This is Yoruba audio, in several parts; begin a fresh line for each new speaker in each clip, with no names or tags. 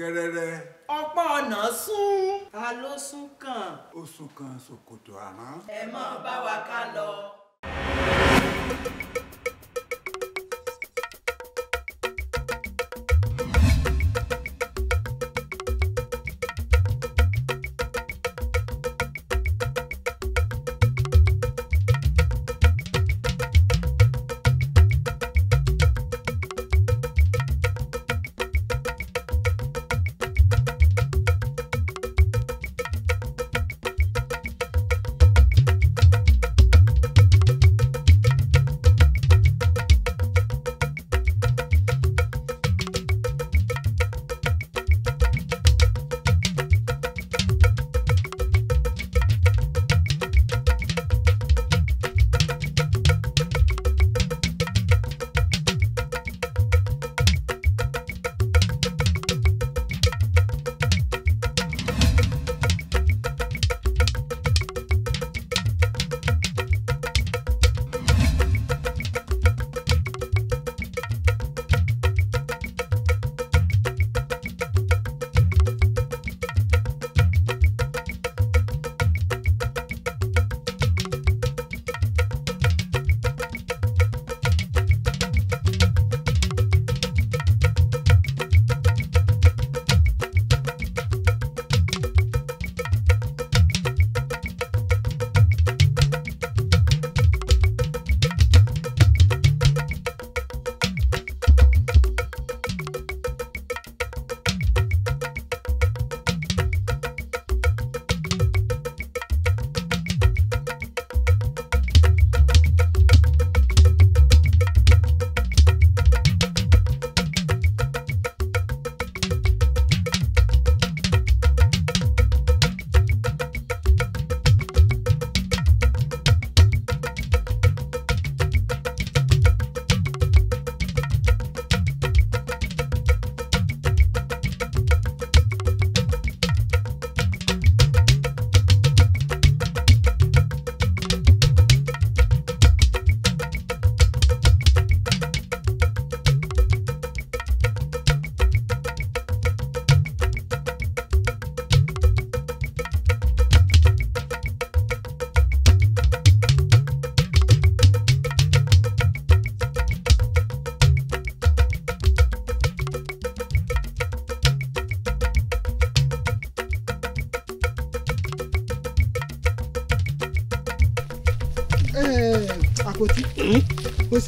gẹ́rẹ́rẹ́. ọ̀pọ̀ ọ̀nà sún. ta ló sún kàn. ó sún kàn ṣòkòtò àná. ẹ máa bá wa ká lọ.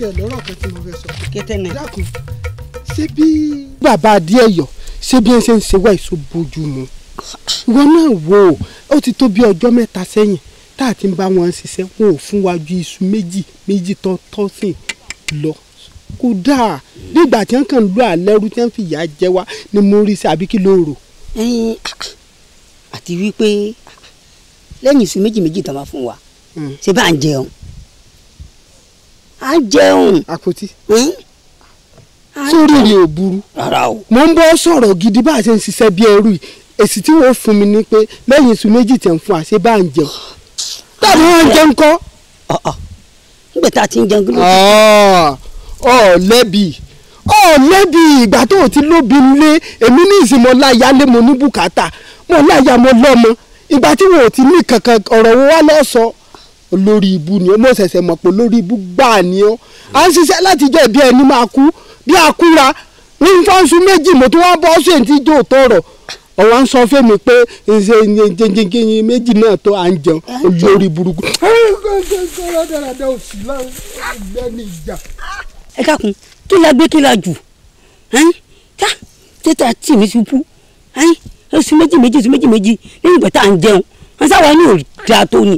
tiẹ̀ lọ́rọ̀ kan tí mo fẹ́ sọ. kété náà dákun ṣé bí. bàbá adìẹ yọ ṣé bí ẹ ṣe ń ṣe wá èso bójú mu ìwọ náà wò ó ó ti tó bí ọjọ́ mẹ́ta sẹ́yìn tá a ti ń bá wọn ṣiṣẹ́ wọn ò fún wa ju iṣu méjì méjì tó tọ́sìn lọ kódà nígbà tí wọn kàn ń lo àlẹ́rú tí wọn fi ìyà jẹ wá ni mo rí sí àbí kí ló rò. àti wípé lẹ́yìn iṣu méjì méjì tó máa fún wa hmm. ṣé bá ń jẹun a jẹun. àpótí sórí rẹ ò burú mo ń bọ́ sọ̀rọ̀ gidi bá a ṣe ń ṣiṣẹ́ bí ẹrú yìí èsì tí wọ́n fún mi ni pé lẹ́yìn iṣu méjì tẹ̀ ń fún àṣẹ bá ń jẹun táwọn wọn jẹun kọ́. nígbà tá a ti ń jẹun kí ló dé. ọ lẹ́bi ọ lẹ́bi ìgbà tó o ti lóbi lé èmi ní ìsìn mọ́ láyà lé mo ní bùkátà mọ́ láyà mo lọ́mọ ìgbà tí wọn ò ti ní kankan ọ̀rọ̀ wo wá lọ́ọ́ olórí ibú ni ó mọ̀ ṣẹ̀ṣẹ̀ mọ̀ pé olórí ibú gbà ni ó à ń ṣiṣẹ́ láti jẹ́ ìbí ẹni máa kú bí a kúra ní fọ́nṣu méjì mo tún wá bọ́ ṣe ti jó tọrọ ọ̀wá ń sọ fẹ́mi pé ṣe jẹjẹjẹyìn méjì náà tó à ń jẹun olórí burúkú. ẹ kákun kí la gbé kí la jù ká tètè àti mi ṣubú oṣù méjì méjì oṣù méjì méjì lẹ́yìn tá à ń jẹun wọn sáwọn ní òòdà tó ni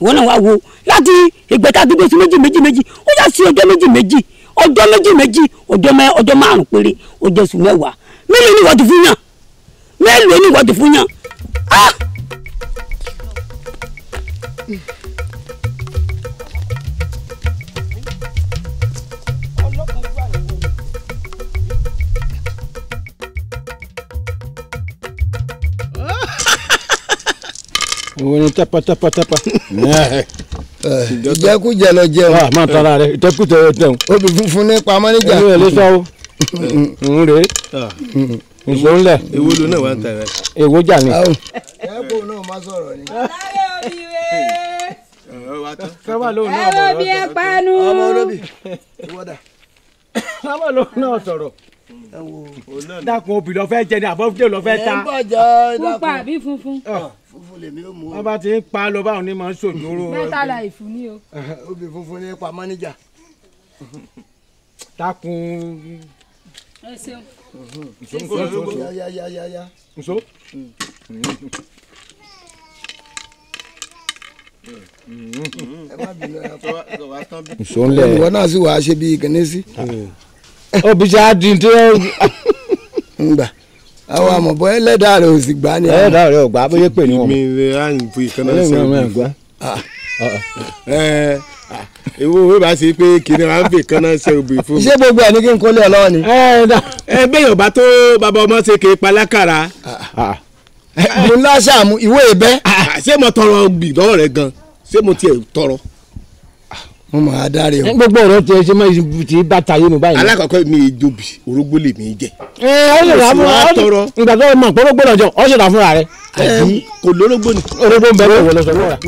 wọn náà wá wo láti ìgbẹ́ta dúdú sí méjì méjì méjì ó yà sí ọjọ́ méjì méjì ọjọ́ méjì méjì ọjọ́ mẹ́ ọjọ́ márùn péré ọjọ́ oṣù mẹ́wàá mélòó ni wọ́n ti fún yàn mélòó ni wọ́n ti fún yàn. Ah! òun ni tápátápátápá. Eh, ìjẹkújẹ lọ jẹun. a ah, máa tara rẹ ìtẹkùtẹ yóò tẹun. obì funfun ní pamọ́ níjà. ẹnu ẹ̀ ló sọ o. n é ah. nso ń lẹ. èwo ló náà wà ń tẹ̀rẹ̀. èwo jà ni. ẹ̀ẹ́bù náà má sọ̀rọ̀ ni. láyé òbíire. Eh, sábà lóun náà bọ̀ lọ́sọ̀rọ̀. ẹ̀rọ bí ẹ panu. ọmọ olóbì ìwọ́dà. sábà lóun náà sọ̀rọ̀ dákun obì lọ fẹ́ jẹ ni àbọ̀fúndé lọ fẹ́ ta. ẹ àbí funfun. Ah funfun lèmi ó mú o. wọ́n bá ti ń pa lọ báwọn ní máa ń ṣòjóró. mẹ́ta ìfún ni o. obì funfun ni pa mọ́níjà. takun. ẹ ṣeun. nso nso nso ya ya ya ya. nso. nso ńlẹ̀. ìwọ náà sì wàá ṣe bí kìnìún sí. obìṣẹ́ á ń gbà àwọn àmọ̀bọ ẹlẹ́dàá rẹ̀ ò sì gbá ni. ẹlẹ́dàá rẹ̀ ò gbá bóyá pè ní wọn. mi rẹ̀ á ń fi ìkànnà sí i ìwọ òwe bá ṣe pé kìnìún à fi kan ṣe òbí fún mi. ṣé gbogbo ẹ̀ ní kí n kólé ọlọ́wọ́ ni. Eh, ẹ eh, bẹ́ẹ̀ yóò bá tó bàbá ọmọ ṣe kì palákàrà. Ah. Ah. mo ń láṣà ìwé ìbẹ́. Ah, ṣé mo tọrọ gbì lọ́wọ́ rẹ gan ṣé mo tiẹ̀ tọrọ mo mọ̀ á dáre o. gbogbo ọ̀rọ̀ tiẹ̀ ṣe máa ti bá tayé mu báyìí. alákọ̀ọ́kọ́ mi jobi orógbó lè mi jẹ. ẹ ọ ṣe ta fún ọ ìgbà tó mọ̀ pé orógbó náà jọ ọ ṣe ta fúnra rẹ. kò lórógbó ni. orógbó ń bẹ lọ́wọ́ lọ́sọ̀rọ̀ rà.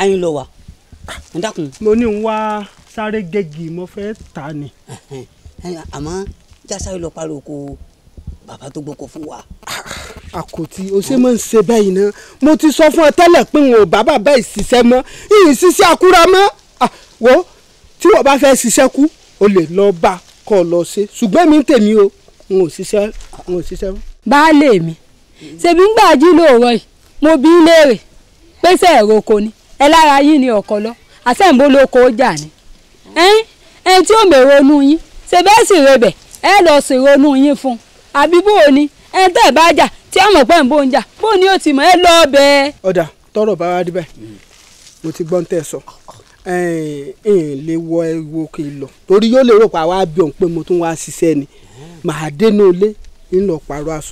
ayin lọ wa ẹ dákun. mo ní n wá sáré gẹ́gì mo fẹ́ ta ni. àmọ́ jásáré lọ parí oko bàbá tó gboko fún wa. àkòtí o ṣe máa ń ṣe báyìí náà mo ti sọ fún ọ tẹ́lẹ̀ pé n ò bá bàbá yìí ṣiṣẹ́ mọ́ yìí ṣiṣẹ́ àkúrà mọ́ wo tí wọ́n bá fẹ́ ṣiṣẹ́ kú o lè lọ bá kọ́ ọ lọ ṣe ṣùgbọ́n mi ń tèmi o n ò ṣiṣẹ́ n ò ṣiṣẹ́ baálé mi ṣèbí ń gbàjú lóòrọ̀ yìí mo bí léèrè pé sẹ́ẹ̀rọ oko ni ẹ lára yín ni ọ̀kọ́lọ́ àtẹ̀mbó ló kó jà ni ẹni tí ó mèrò onú yín ṣe bẹ́ẹ̀ sì rebẹ̀ ẹ lọ sì ronú yín fún un àbí bó ni ẹni tẹ́ ẹ bá jà tí a mọ̀ pé ń bó ń ni ó ti mọ̀ ẹ lọ lọ torí yóò lè rò pa wá bí pé mo tún wá ṣiṣẹ́ ni màá aṣọ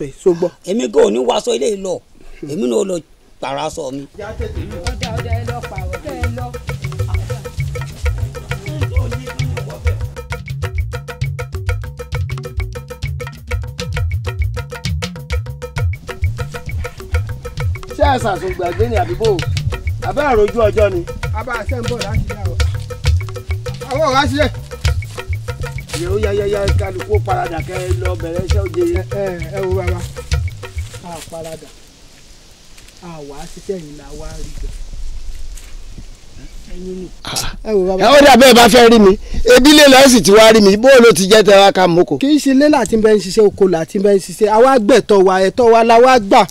ẹ̀ gbọ́. ní ilé èmi náà lọ mi. ẹ ṣàtún gbàgbé ni àbíbò abẹ́ àròjú ọjọ́ ni. abá àṣẹ ń bọ̀ láti yá o àwọn ọ̀rá ṣiṣẹ́. ìyẹ̀wò yáyáyá kálukú paradà kẹ́ ẹ lọ bẹ̀rẹ̀ iṣẹ́ òde. ẹ ẹ wo bàbá a paradà a wà á ṣiṣẹ́ yìí là wá rí jọ ẹ ó dàbẹ́ bá fẹ́ rí mi edílé lọ́sì tí wàá rí mi bó ló ti jẹ́ tẹ wá ká mọ́kò. kì í ṣe ilé láti bẹ́ẹ̀ ń ṣiṣẹ́ oko láti bẹ́ẹ̀ ń ṣiṣẹ́ àwa gbẹ̀tọ̀ wa ẹ̀tọ́ wa la wá gbà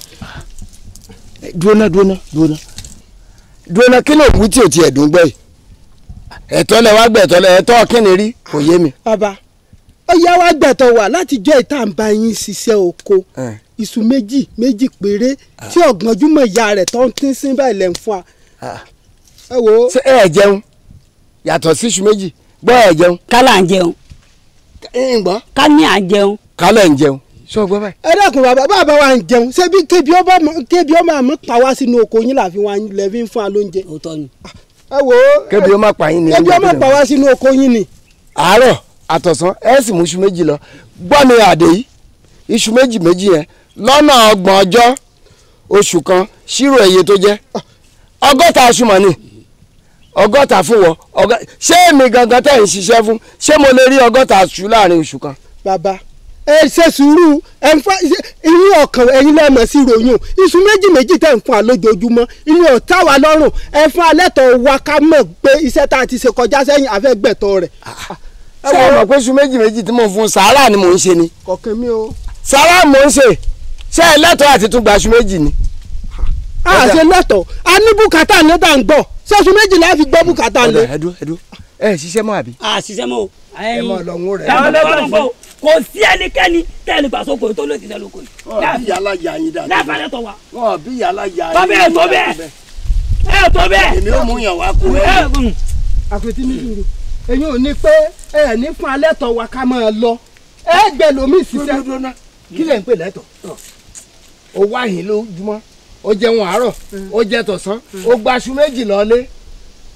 dúróná dúróná dúróná dúróná kí ló ń wí tí ò ti ẹ̀dùn gbọ́ yìí ẹ̀tọ́ lẹ wá gbẹ̀tọ́ lẹ ẹ̀tọ́ kí ni rí kò yé mi. bàbá ó yá wá gbẹ̀tọ̀ wà láti jẹ́ ìta ń bá yín ṣiṣẹ́ oko iṣu méjì méjì péré tí ọ̀gbọ́njúmọ̀ ìyá rẹ̀ tó ń tín sí báyìí lẹ́ ń fún wa. ẹ wo. ṣé ẹ jẹun yàtọ̀ sí iṣu méjì gbọ́ ẹ jẹun. kálá ń jẹun. ń ká ní à ń jẹun. kálá ń jẹun sọ gbọ́ báyìí. ẹ dákun bàbá bàbá wa ń jẹun ṣebí kébi ọba kébi ọmọ àmọ́ pa wá sínú oko yín làfi wá lẹ́bí fún wa lóúnjẹ. Ah, ó tọ́ ni. ẹ wo kébi ọmọ pa yín ni. kébi ọmọ pa wá sínú oko yín ni. àárọ̀ àtọ̀sán ẹ sì mú iṣu méjì lọ gbọ́ mi àdé yìí iṣu méjì méjì yẹn lọ́nà ọgbọ̀n ọjọ́ oṣù kan ṣírò ẹ̀yẹ tó jẹ́ ah. ọgọ́ta aṣùmọ̀ ni ọgọ́ta fún wọ ṣé èmi gangan tẹ̀ ń ṣiṣẹ́ fún ṣé mo lè rí ọgọ́ta aṣù láàrin oṣù kan. bàbá ẹ ṣe sùúrù ẹ ń fa ìyín ọkàn ẹ̀yin lẹ mọ̀ sí ròyìn iṣu méjì méjì tẹ̀ ń fún wa lójoojúmọ́ inú ọ̀tá wa lọ́rùn ẹ fún alẹ́ tọ̀ wa ká mọ̀ pé iṣẹ́ tá a ti ṣe kọjá sẹ́yìn àfẹ́gbẹ̀tọ̀ rẹ̀. ṣé ẹ mọ̀ pé iṣu méjì méjì tí mò fún sàárà ni mò ń ṣe ni. kọ̀ọ̀kan mi o. sàárà mò ń ṣe ṣé ẹ lẹ́tọ̀ọ́ àti tún gba iṣu méjì ni. a ṣe lẹ́tọ̀ọ́ a ní bùkátà ní tà ń gbọ́ ṣé iṣu méjì láì fi gbọ́ bùkátà ní. ẹ ṣiṣẹ́ mọ́ àbí. a ṣiṣẹ́ mọ́ o ẹ mọ lọ́wọ́ rẹ̀. ẹ mọ lọ́wọ́ kò sí ẹnikẹ́ni tẹ́lẹ̀ gbà sóko tó lóòtì sẹ́lẹ̀ oko yìí. wọn bí yàrá ya yín dáadáa. láàbà lẹ́tọ̀ wa. wọn bí yàrá ya yín dáadáa. tọ́bẹ̀ tó bẹ́ẹ̀ ẹ tó bẹ́ẹ̀. èmi ò mú yàn wá kú ẹ. àpètí mi dùn èyí ò ní pé ẹ ní fún alẹ́ tọ̀ wa ká máa lọ ẹ gbẹ lómi ìsísẹ́ kí lẹ̀ ń pè lẹ́tọ̀ ó wá yín lójúmọ́ ó jẹun àárọ̀ mm. ó jẹ tọ̀sán ó gbaṣu méjì lọ́lé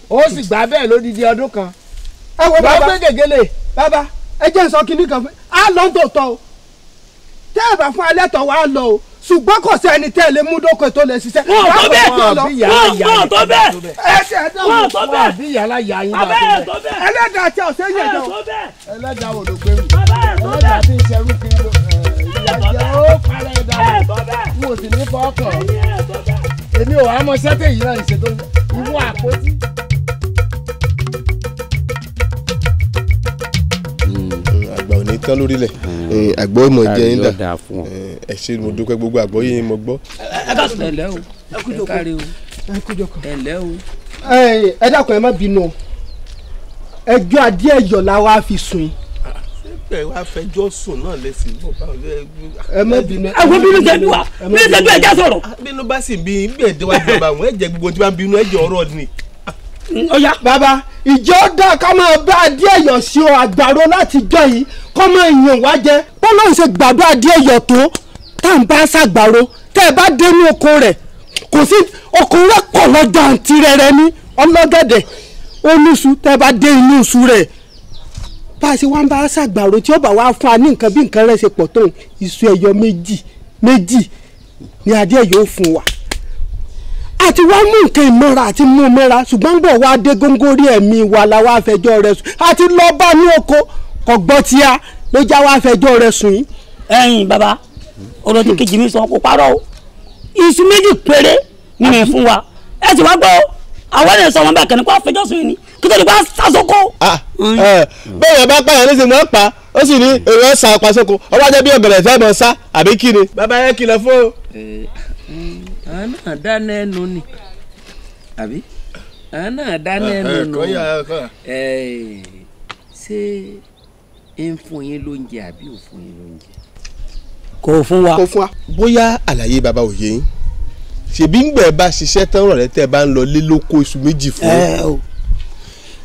ó sì gbà bẹ́ẹ̀ lódidi ọdún kan ẹ wo bàbá gbé gègéle bàbá ẹ jẹ́ nsọ kínní kan fún a lọ ń tòótọ́ o tẹ́ ẹ bá fún alẹ́ tọ̀ wá lọ o ṣùgbọ́n kò sẹ́ni tẹ́ ẹ lè mú dókè tó lè ṣiṣẹ́. wọ́n tó bẹ́ẹ̀ wọ́n tó bẹ́ẹ̀ wọ́n tó bẹ́ẹ̀ abẹ́rẹ́ tó bẹ́ẹ̀ ẹlẹ́dàá tí ọ̀sẹ̀ yẹn jọ ẹlẹ́dàá wò ló gbé mi ẹlẹ́dàá tí ń ṣerú kí ló ìyàjẹ́ ó parẹ́ dànù n ò sì ní fọ́ ọkàn èmi ò wá mọ sẹ́tẹ̀ yìí náà ìṣètò ìwọ àpótí. tán lórílẹ̀ àgbọ̀ ìmọ̀ jẹ́ yín dà ẹ ṣé mo dúpẹ́ gbogbo àgbọ̀ yín mo gbọ́. ẹ lẹ́ o ẹ káre o ẹ lẹ́ o. ẹ dákun ẹ má bínú ẹjọ́ adé ẹ̀yọ̀ la wá fi sùn yín pẹ wá fẹjọ́ sùn náà lẹsìn bọ báwo lẹ. ẹ má bínú. àwọn bínú jẹbi wa bínú jẹbi ẹja sọ̀rọ̀. bínú bá sì bí bẹ́ẹ̀ déwájú bàbá àwọn ẹ̀jẹ̀ gbogbo tí wọn bínú ẹ̀jẹ̀ ọ̀rọ̀ ni ọ̀yá. bàbá ìjọ dá ká máa bá adé ẹ̀yọ̀ sí o àgbàro láti jọ yìí kọ́ máa yàn wá jẹ. bọ́lá ń ṣe gbàdúrà adé ẹ̀yọ̀ tó tá à ń bá ṣàgbàro tẹ́ ẹ bá dé ní oko rẹ̀ kò sí oko rẹ̀ pọ̀ lọ́jọ́ àǹtí rẹ̀ rẹ̀ ní ọlọ́gẹ̀dẹ̀ olùsù tẹ́ ẹ bá dé inú oṣù rẹ̀ bá a ṣe wá ń bá ṣàgbàro tí ó bá wá fún wa ní nǹkan bí nǹkan rẹ̀ ṣe pọ̀ tó iṣu ẹ̀yọ̀ méjì méjì ni adé ẹ̀yọ̀ fún wa àti wá mú nǹkan ìmọ̀ra àti mú mọ́ra ṣùgbọ́n gbọ̀ wá dé góńgórí ẹ̀mí wa la wá fẹjọ́ rẹ̀ sùn àti lọ bá ní oko kò gbọ́ tíá ló já wá fẹjọ́ rẹ̀ sùn yìí. ẹ̀yin bàbá ọ̀rọ̀ tí kejì mi sọ kò parọ́ o iṣu méjì péré ni mi fún wa ẹ sì wá gbọ́ àwọn ènìyàn sọ wọn bẹ́ẹ̀ kẹ́ni kó àfẹjọ́ sùn yìí ni kí tó lè wá sàṣọkọ. bẹ́ẹ̀ yẹn bá pààyàn ní sinimá pa ó sì ní èrò ọ̀sán apasoko ọwọ́ ajẹ́ bí ọ̀gẹ̀rẹ̀ fẹ́ mọ sá àbí kí ni. bàbá yẹn kìlọ̀ fún àwọn náà dáná ẹnu ni àbí àwọn náà dáná eh, ẹnu eh, nù eh, ṣé ń fún yín lóúnjẹ àbí ò fún yín lóúnjẹ. kò fún wa. kò fún wa. bóyá àlàyé bàbá òye yín ṣèbí ngbẹ bá ṣiṣẹ́ tán rọ̀lẹ́ tẹ́ bá ń lọ lé lóko iṣu méjì fún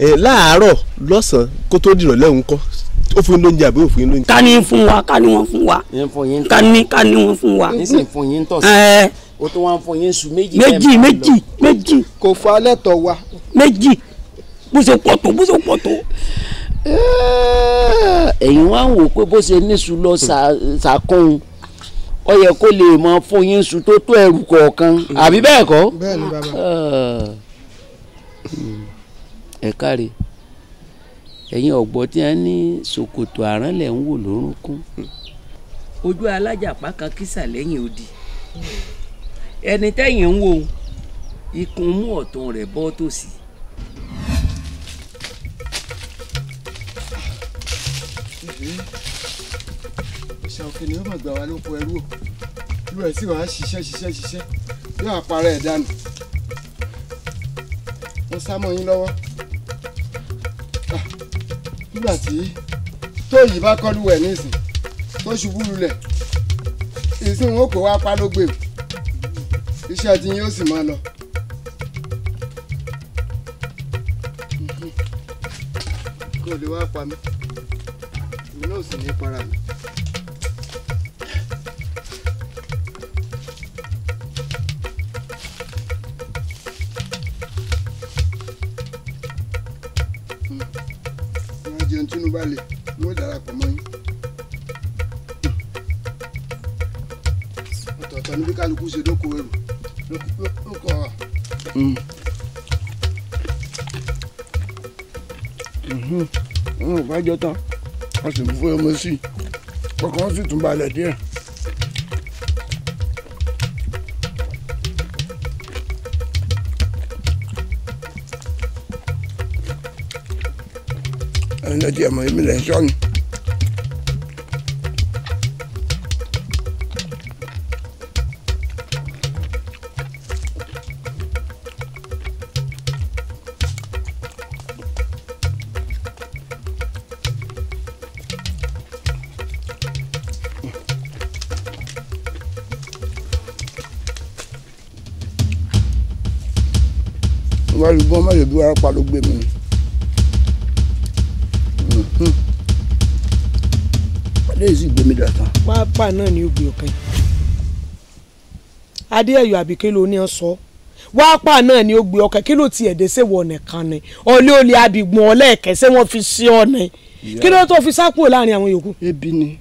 un láàárọ̀ lọ́sàn kó tó dìrọ̀lẹ́ òun kọ́ ó fún yín lóúnjẹ àbí ó fún yín lóúnjẹ. ká ní fún wa ká ní wọn fún wa ká ní ká ní wọn fún wa. nísìnyí fún yín tọ̀ sí o tó wọn fún yín su méjì. méjì méjì méjì. kò fọ alẹ́ tọ̀ wa. méjì bó ṣe pọ̀ tó bó ṣe pọ̀ tó. Eh, ẹ̀yin wá ń wò pé bó ṣe níṣu lọ ṣàkóhun ó yẹ kó lè mọ fún yín su tó tó ẹrù kọ̀ọ̀kan àbí bẹ́ẹ̀ kọ́. bẹ́ẹ̀ ni bàbá. Eh. Hmm. ẹ káre ẹ̀yin ọ̀gbọ́n tí wọ́n ní ṣòkòtò àránlẹ̀ ń wò lórúnkún. ojú alájàpá kan kísà lẹ́yìn odi ẹni tẹ́yìn ń wò ikùn mú ọ̀tún rẹ̀ bọ́ tòsí. ṣàkóso ni ó mà gbà wá lóko ẹrú o irú ẹ̀ sì wàá ṣiṣẹ́ ṣiṣẹ́ ṣiṣẹ́ yóò àparẹ́ ẹ̀ dànù mo sá mọ́ yín lọ́wọ́ nígbà tí tóyì bá kọ́ lúwẹ̀ nísìn tó ṣubú lulẹ̀ ìsìn wọn kò wá pa ló gbé o iṣẹ́ tí yóò sì máa lọ. kò lè wá pa mí èmi náà sì ní para mi. balẹ̀ wọ́n darapọ̀ mọ́ yín. ọ̀tọ̀ọ̀tọ̀ níbi kálukú ṣe dóko ẹrù lóko ọ̀rọ̀. Hmm. Mhm. wọn ò bá jọ tán wọn sì fún ọmọ sí i ọkàn sì tún balẹ̀ díẹ̀. ẹni tí ẹmọ èmi lẹ sọ ni. wọ́n rí gbọ́n mọ́lẹ̀ bí wọ́n á pa ló gbé mi lẹ́yìn sì gbémi dàtàn. pápá náà ni ògbé ọ̀kan adéẹ̀yọ̀ àbí kí ló ní ọ sọ wápá náà ni ògbé ọ̀kan kí ló ti ẹ̀dẹ́ ṣe wọ ọ̀nà kan ni ọlé olè abìgbọ̀n ọlẹ́ẹ̀kẹ́ ṣé wọ́n fi sí ọ̀nà kí ló tó fi sá láàrin àwọn yòókù. ebi ni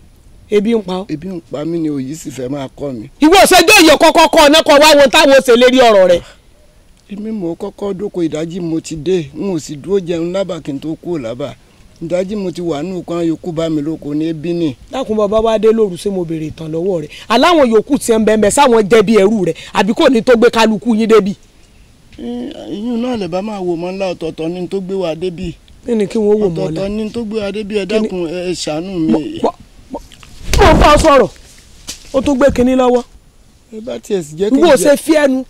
ebi ń pa ọ. ebi ń pa mí ni òyì sì fẹ́ máa kọ́ mi. ìwọ ṣẹjọ́ ìyẹ kọ́kọ́ kọ́ ọ̀nà kan wá wo táwọn ṣe lérí ọ̀rọ̀ rẹ̀. èmi mò ń kọ́kọ́ dóko ìdájí mo ti dé n ò sì dúró jẹun lábà n tó kúrò lábà ìdájí mo ti wà nù kan yòókù bá mi lóko ní ebínì. dákun bàbá wa dé lóru ṣé mo béèrè ìtàn lọ́wọ́ rẹ̀ aláwọn yòókù ti ń bẹ́ẹ̀ sáwọn jẹ̀bi ẹ̀rú rẹ̀ àbí kò ní tó gbé kálukú yín débi. ìyún náà lè bá máa wò mọ́ ńlá ọ̀tọ̀ọ̀tọ̀ ní tó gbé wa débi. kí ni kí wọ́n wò mọ́ ọ̀la ọ̀tọ̀ọ̀tọ̀ ní tó gbé wa débi ẹ dákun ẹ ṣàánú mi. mo bá a sọ̀rọ̀ ó tún gbé kinní lọ́wọ́ wo ṣe fi ẹnu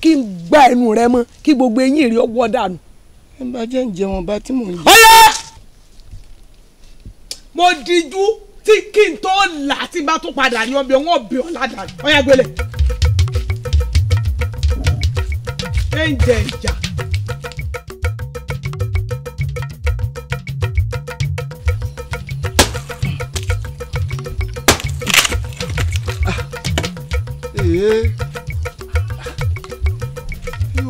mo dijú tí kí n tó là tí n bá tún padà ní ọbẹ̀ wọn bẹ̀ ọ́ ládàá ọ̀yà gbélé. ẹ ń jẹ ìjà.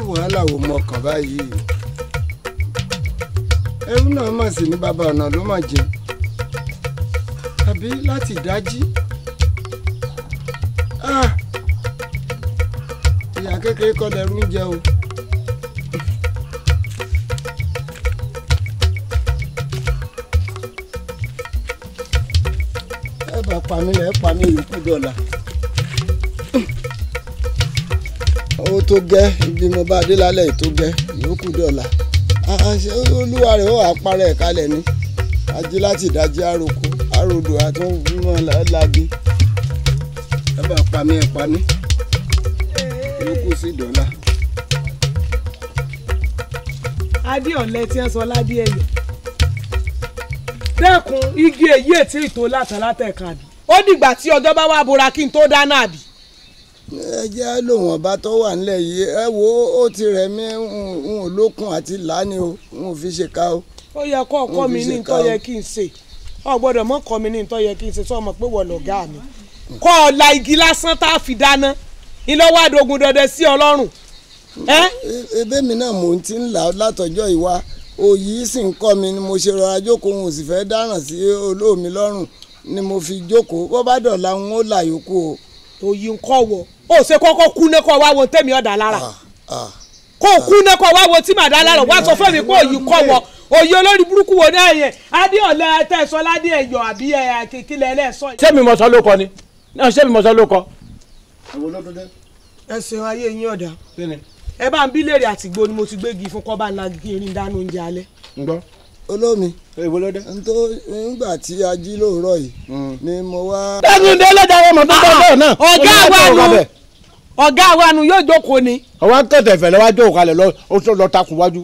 wàhálà wò mọ kàn báyìí ẹrú náà mà sí ní bàbá ọ̀nà ló mà jẹun àbí láti ìdájí ah! ìyá kékeré kọ́ lẹ́rú ń jẹ o. ẹ bá pa mí lẹ́ pa mí yòókù dọ̀là. ó tó gẹ́ ibi mo bá dé lálẹ́ tó gẹ́ yòókù dọ̀là. Ah, ah, olúwa rẹ̀ ó àparẹ̀ kalẹ̀ ni ají láti ìdájí àròkù odò àtúnmọ̀ lálábi ẹ bá pa mí ẹ pa mí yòókù sí dọ́là. adé ọ̀lẹ tí ń sọ ládé ẹ̀yẹ dẹ́kun igi èyí ètí ìtò látàlátà ẹ̀ka àbí ó dìgbà tí ọjọ́ bá wà bora kí n tó dáná àbí ẹ jẹ́ lòun ọba tó wà nílẹ̀ yìí ẹ wo ó ti rẹ̀ mí n ò lókun àti lánìí o n ò fi ṣe ká o. ó yẹ kó ọkọ mi ní tó yẹ kí n ṣe ọ gbọ́dọ̀ mọ kọ mi ní ntọ́ yẹ kí n ṣe sọ ọmọ pé wọ́n lọ gá mi kọ́ ọ igi lásán tá a fi dáná ìlọ́wọ́ àdógún dandan sí ọlọ́run. ebe mi náà mò ń ti ń là látọjọ́ ìwà òyì sì ń kọ́ mi ni mo ṣe rọra jókòó òun sì fẹ́ dáràn sí olómi lọ́rùn ni mo fi jókòó bó bá dọ̀la ń ó là yòókù o. òyì ń kọ́ wọ ó ṣe kọ́kọ́ kú ní kọ́ wá wo tẹ́mi ọ̀dà lára ah, ah. kó kú ní kọ́ wá wo tí màdá lára wá sọ fún mi pé òyì kọ́ wọ òye olórí burúkú wo náà yẹn adéọ̀lá tẹ̀sán ládé ẹ̀yọ̀ àbí àkèkílẹ̀ ẹlẹ́sọ̀. sẹ́mi mọ̀sán ló kọ ni náà sẹ́mi mọ̀sán ló kọ. ẹ̀sìn ayé yín ọ̀dà ẹ bá ń bí léèrè àtìgbò ni mo ti gbégi fún kọ́ba ńlá kiri dánú oúnjẹ alẹ́. ǹgbọ́ olómi nígbà tí a jí lóòrọ̀ yìí hmm. ni mo wá. tẹ́gùn dé lọ́jà wọn mọ̀ tó tọ́ bẹ́ẹ̀ náà. Ah, ọ̀gá àwa nu ọ̀gá wa nu yóò jókòó ni. ọwọ́ akẹ́tẹ̀fẹ̀ lọ́wọ́ jókòó kalẹ̀ lọ́ọ́ takùn wájú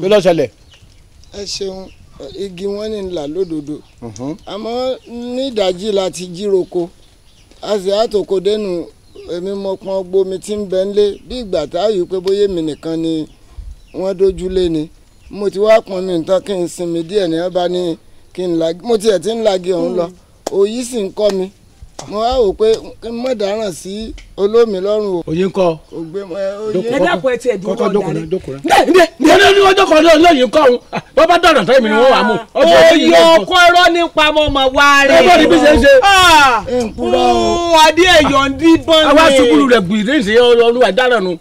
bí lọ́sẹ̀lẹ̀ ẹ ṣeun igi wọn ni là lódodo mhm. àmọ́ nídàájí la ti jíroko a sì àtòkò dẹnu èmi mọ pọn gbomi tí ń bẹ ń lé bí ìgbà táàyè pé bóyá èmi nìkan ni wọ́n dojú lé ni mo ti wá pọn mi nǹkan kí n sinmi díẹ̀ ní ọba ní kí n lagi mo tiẹ̀ ti ń lagi ọ̀hún lọ mm. òyì sì ń kọ́ mi. Ah. mo wá wò pé kí n mọ̀ dáràn sí olómi lọ́rùn o. oyin kọ. ẹ dákun ẹ tiẹ̀ dúró kọ dàrí. ndé ní wọ́n jókòó náà lóyìn kọ́ òun wọ́n ah, bá dọ̀nà tó èmi ni wọ́n wà mú. oyè kọ́rọ́ nípa ọmọ wa rẹ̀. ẹ bọ́ bí ṣe ń ṣe. ooo ah, mm, adé ń dí bọ́n ni. àwa sùkúlù rẹ̀ gbìyànjú ní ìṣe olúwa dáràn nu.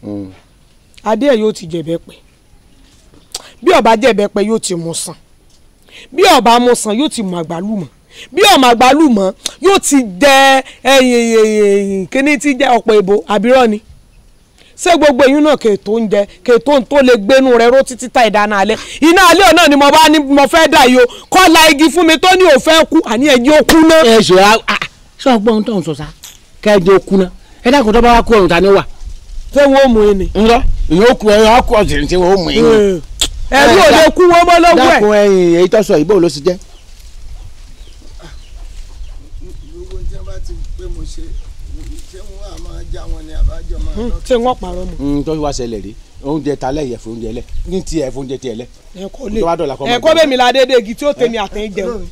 ẹ adé ẹ yóò ti jẹ̀bẹ̀ pẹ̀ bí ọba jẹ̀bẹ̀ pẹ̀ yóò ti mu sàn bí ọba mu sàn yóò ti mu mọ bí ọmọ mọ, yóò ti eh, kíní ti jẹ ọ̀pọ̀ èbó ni ṣé gbogbo eyín náà kètò kètò tó lè gbénu rẹ ró títí ìdáná iná náà ni mo bá ní mo fẹ́ dà yìí o Kọla igi fún mi tó ní òfẹ́ kú àní kú ẹ ṣe ọgbọ́n ah, tó ń sọ sá kú ẹ dákun tó yóò kú ẹyọ ọkọ ọsìntì wọn ò mú ẹyìn. Eh. ẹbí ò lè kú wọn mọ lọ́wọ́ dákun ẹyìn èyí tó sọ ìbò ló sì jẹ́. gbogbo tí wọn bá ti pé mo ṣe ṣé wọn á máa já wọn ní àbájọ máa hmm, lọ. ṣé wọn parọ́ mọ́. Hmm, tó wá ṣẹlẹ̀ rí oúnjẹ ta lẹ́yìn ẹ̀fọ́ oúnjẹ lẹ̀ ní ti ẹ̀fọ́ oúnjẹ tiẹ̀ lẹ̀. ẹ̀kọ́ bẹ́ẹ̀ mi la dédé igi tí ó tẹ̀mí àtẹ̀yìn jẹun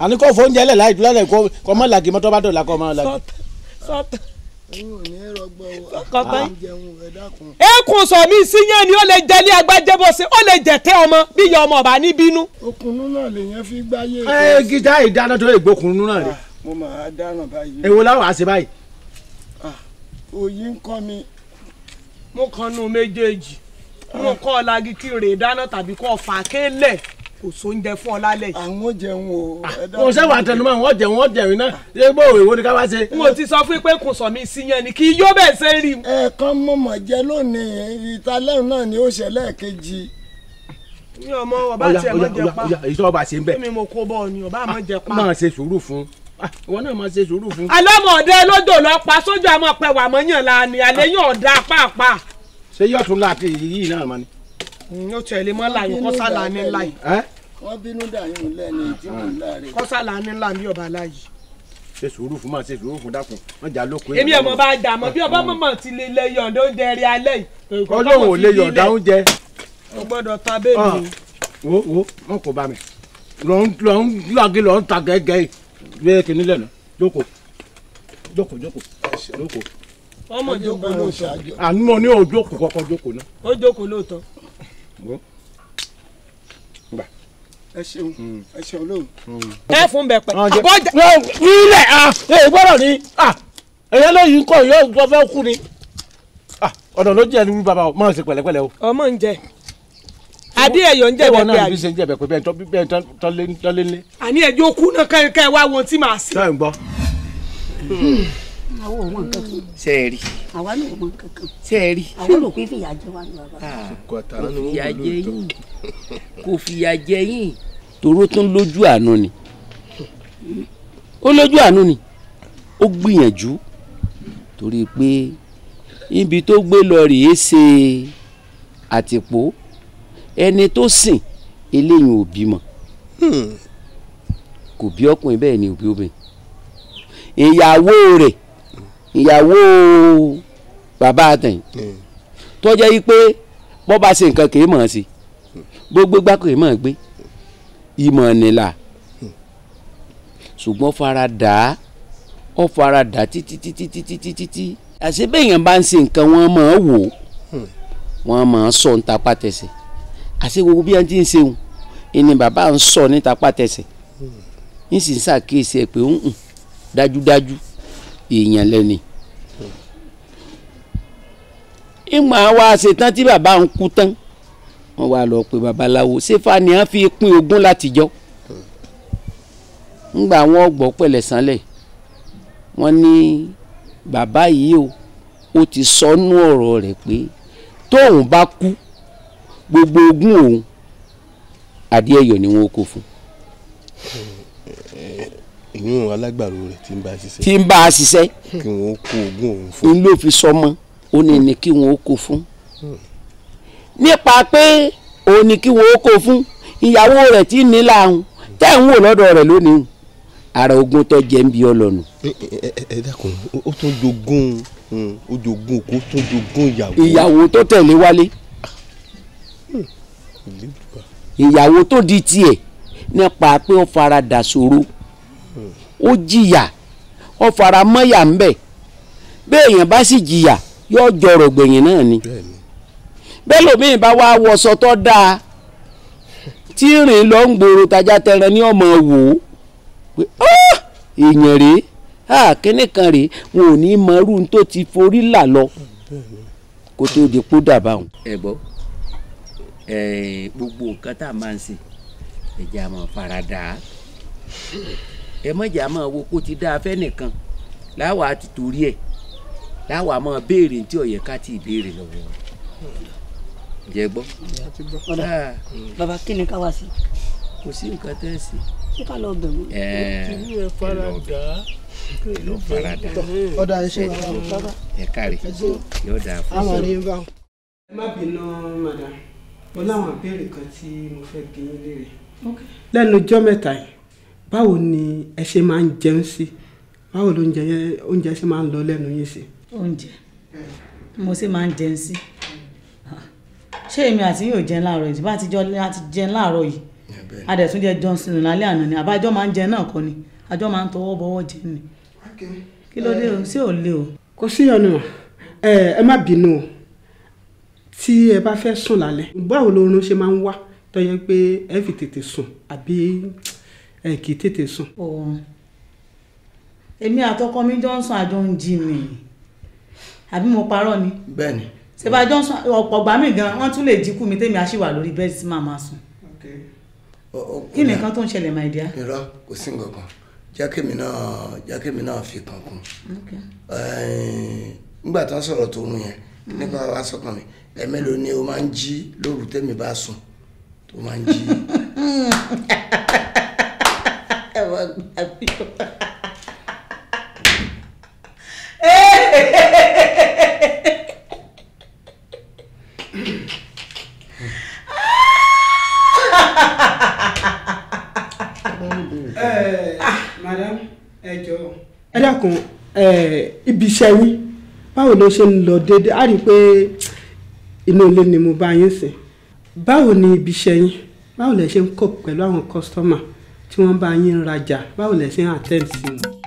àní kò fóúnjẹ lẹ̀ láì dúró lẹ̀ kò mọ́ làgìmọ́tọ́ bá dọ̀là kò mọ́ làgìmọ́ ekun sọ mi sí yẹn ni ó lè jẹ ní agbájẹ bó ṣe ó lè jẹ tẹ ọmọ bí ìyá ọmọ ọba ní bínú. okùnú náà lèyàn fi gbáyé. ẹ gíga ìdáná tó lè gbókùnú náà rè. Ah, mo máa dáná báyìí. èwo láwọn àṣẹ báyìí. òyì ah, ń kọ́ mi. mo kàn nu méjèèjì mo kọ́ ọ lagi kí n rè dáná tàbí kọ́ ọ fà kélẹ̀ kò sóúnjẹ fún ọ lálẹ́ yìí. àwọn jẹun o. kò sẹ́wọ̀n àtẹnumọ́ àwọn jẹun wọ́n jẹun náà ṣé bó èwo ni ká wá ṣe. mo ti sọ fún pé kò sọ mi sí yẹn ni kí yóò bẹ̀ ṣe rí. ẹ̀ẹ̀kan mọ̀mọ̀ jẹ lónìí ìtalẹ́rù náà ni ó ṣẹlẹ̀ kejì mi ò mọ ọba àti ẹ̀ mọ̀ jẹ pa ìṣọ́ ọba ṣe ń bẹ̀. mi mo kó bọ́ ni ọba àmọ́ jẹ pa. máa ṣe sùúrù fún ah, wọn náà máa ṣe sùúrù fún. alámọ̀ọ́dẹ lódò lọ pa sójú àmọ́ pẹ̀wà mọ́yàn la àlẹ́ yóò dá pàápàá. ṣé yóò tún láti yìí náà mọ́ ni. Mm, ó tiẹ̀ lè mọ́ láyìn ah. kọ́sálà ní láyìn. wọ́n bínú dàyún lẹ́ni tí láre. kọ́sálà ní láyìn bí ọba láyìí ṣe sùúrù fún máa ṣe sùúrù fún dákun wọn jà lóko. èmi ọmọ bá dà mọ bí ah, ọba ah. mọ̀mọ́ ti lè lè yọ̀ǹda oúnjẹ rí alẹ́ yìí. ọlọ́run ò lè yọ̀ǹda oúnjẹ. o gbọ́dọ̀ ta bẹ́ẹ̀ mi. wo wo wọn kò bá mi lọ ń lọ ń lọgí lọ ń ta gẹ́gẹ́ gbé kínní ọmọ jókòó lóòótọ́. àní ní o jókòó kọ́kọ́ jókòó náà. ó jókòó lóòótọ́ wo gbà ẹ ṣeun hmm. ẹ ṣeun lóhùn. Hmm. ẹ fún bẹ̀pẹ̀ àbọ̀jà. ilẹ̀ ah, ẹ gbọ́dọ̀ ni ah, ẹ̀yẹ lóyún kọ́ yóò sọ fẹ́ kú ni ah, ọ̀dọ̀ ló jẹ́ ẹni wí bàbá o máa ń ṣe pẹ̀lẹ́pẹ̀lẹ́ o. ọmọ ń jẹ adé ẹ̀yọ̀ ń jẹ bẹ́ẹ̀ bí i. ẹ̀wọ̀n náà níbi ṣe ń jẹ bẹ́ẹ̀ bẹ́ẹ̀ bẹ́ẹ̀ tọ́lé ńlé. àní ẹjọ́ kú náà kẹ́ ẹ wá wọn tí màá sí àwọn ò mọ nǹkan kan. ṣé ẹ rí. àwa náà ò mọ nǹkan kan. ṣé ẹ rí. àwọn ò pé fìyà jẹ wá ní bàbá. Ah. kò fìyà jẹ yín kò fìyà jẹ yín tòró tún lójú àánú ni ó lójú àánú ni ó gbìyànjú torí pé ibi tó gbé lọ rèé ṣe àtìpó ẹni tó sìn eléyìí ò bímọ hmm. kò bí ọkùnrin bẹ́ẹ̀ ni ò obìnrin ìyàwó rẹ̀ ìyàwó bàbá àtẹ̀yìn hmm. tó jẹ́ wípé bọ́ bá ṣe nǹkan kìí mọ̀ ọ́ sí gbogbo gbà kìí mọ̀ ọ́ gbé ìmọ̀ nìlà hmm. ṣùgbọ́n faradà ọ faradà títí títí títí títí tí àṣebẹ̀yàn bá ń ṣe nǹkan wọ́n máa wò ó hmm. wọ́n máa sọ níta pàtẹ́sẹ̀ àṣe gbogbo bí wọ́n ti ń ṣe òun ìní bàbá ń sọ níta pàtẹ́sẹ̀ ń sì ń ṣàkíyèsí ẹ̀ pé ń hùn dájúdájú èèyàn lẹ́ni. ìmọ̀ àwa ṣetán tí bàbá ń kú tán wọ́n wá lọ pé babaláwo ṣéfà ni wọ́n fi pín ogún látijọ́ ńgbà wọn gbọ́ pẹ̀lẹ́ sánlẹ̀ wọ́n ní bàbá yìí o ó ti sọnù ọ̀rọ̀ rẹ̀ pé tóun bá kú gbogbo ogún òun adìẹ ni wọn kò fún un ìyún alágbàro rẹ ti ń bá a ṣiṣẹ́. ti ń bá a ṣiṣẹ́. kí wọn ó kó oògùn òun fún. n ló fi sọmọ ó ní ní kí wọn ó kó fún. nípa pé òun ní kí wọn ó kó fún ìyàwó rẹ ti ní láàrún tẹ́ ń wò lọ́dọ̀ rẹ̀ lónìí ara ogun tó jẹ́ ń bi ọlọ́nu. ẹ dákun ó tún jogún hmm, ó jogún òkú ó tún jogún ìyàwó. ìyàwó tó tẹ̀lé wálé hmm, ìyàwó tó di tiẹ̀ nípa pé ó fara dà sòro. ó jìyà ó fara mọ́yà ń bẹ̀ béèyàn bá sì jìyà yóò jọrọ̀ gbẹ̀yìn náà ni bẹ́ẹ̀ lómiì bá wà wọṣọ tó dáa tí rìn lọ ń gbòòrò tajà tẹran ní ọmọ wò ó pé èèyàn rèé kíní kan rèé wọn ò ní mọ tó ti forí là lọ kó tó di kó dàbà wọn. ẹ gbọ́ gbogbo nǹkan tá a máa ń sìn ẹ̀jẹ̀ àmọ́ faradà ẹ mọ̀jà máa wo kó ti dáa fẹ́ nìkan láwa ti torí ẹ̀ láwa máa béèrè tí ó yẹ ká ti béèrè lọ́wọ́ jẹ gbọ́. bàbá kí ni ká wá sí. kò sí nǹkan tẹ́ ẹ sí. ṣé ká lọ bẹ̀rù. ẹ ẹ faradà ẹ lọ faradà. ọ̀dà ẹ̀ṣẹ̀ ẹ̀ kárí yóò dáa fún un. ẹ má bínú madam mo láwọn ìbéèrè kan tí mo fẹ́ bí yín léèrè lẹ́nu ọjọ́ mẹ́ta yìí báwo ni ẹ ṣe máa ń jẹun sí báwo ló ń jẹ oúnjẹ ṣe máa ń lọ lẹ́nu yín sí. oúnjẹ mo ṣe máa ń jẹun sí ṣé èmi àti yóò jẹun láàárọ̀ yìí bá ti jọ láti jẹun láàárọ̀ yìí adẹ̀túnjẹ jọ sínú lálẹ́ àná ni àbájọ máa ń jẹun náà kọ́ ni àjọ máa ń tọwọ́ bọwọ́ jẹun ni kí ló dé o ṣé ò le o. kò sí ọ̀nà ẹ má bínú o tí ẹ bá fẹ́ sùn lálẹ́ báwo lóorun ṣe máa ń wá tó yẹ pé ẹ fi tètè sùn àbí ẹ kì í tètè sùn. oorun èmi àtọkọ mi johnson àjọ ń jí mi àbí mo parọ́ ni. bẹ́ẹ̀ni. sèbá johnson ọ̀pọ̀ gbà mí gan wọ́n tún lè jí mi tèmi àṣìwà lórí bẹ́ẹ̀ tí màá máa sùn. kí ni nǹkan tó ń ṣẹlẹ̀ máa dìá. irọ́ kò sí nǹkan kan jákèmí náà jákèmí náà fi kàn kún. nígbà tó ń sọ̀rọ̀ tó ń yẹn nípa wa sọ́kàn mi ẹ̀mẹ́lò ni o máa ń jí lóru tẹ́mi bá sùn tó máa ń jí. máa gbà mí o. madam ẹ jọ̀ọ́. ẹ dákun ibi iṣẹ́ yín báwo ló ṣe ń lọ déédéé á rí i pé inú ilé ni mo bá yín sìn báwo ni ibi iṣẹ́ yín báwo lẹ ṣe ń kọ̀ pẹ̀lú àwọn kọ́sítọ́mà tí wọ́n bá yín rajà báwo lẹ ṣe ń attend sí wọn.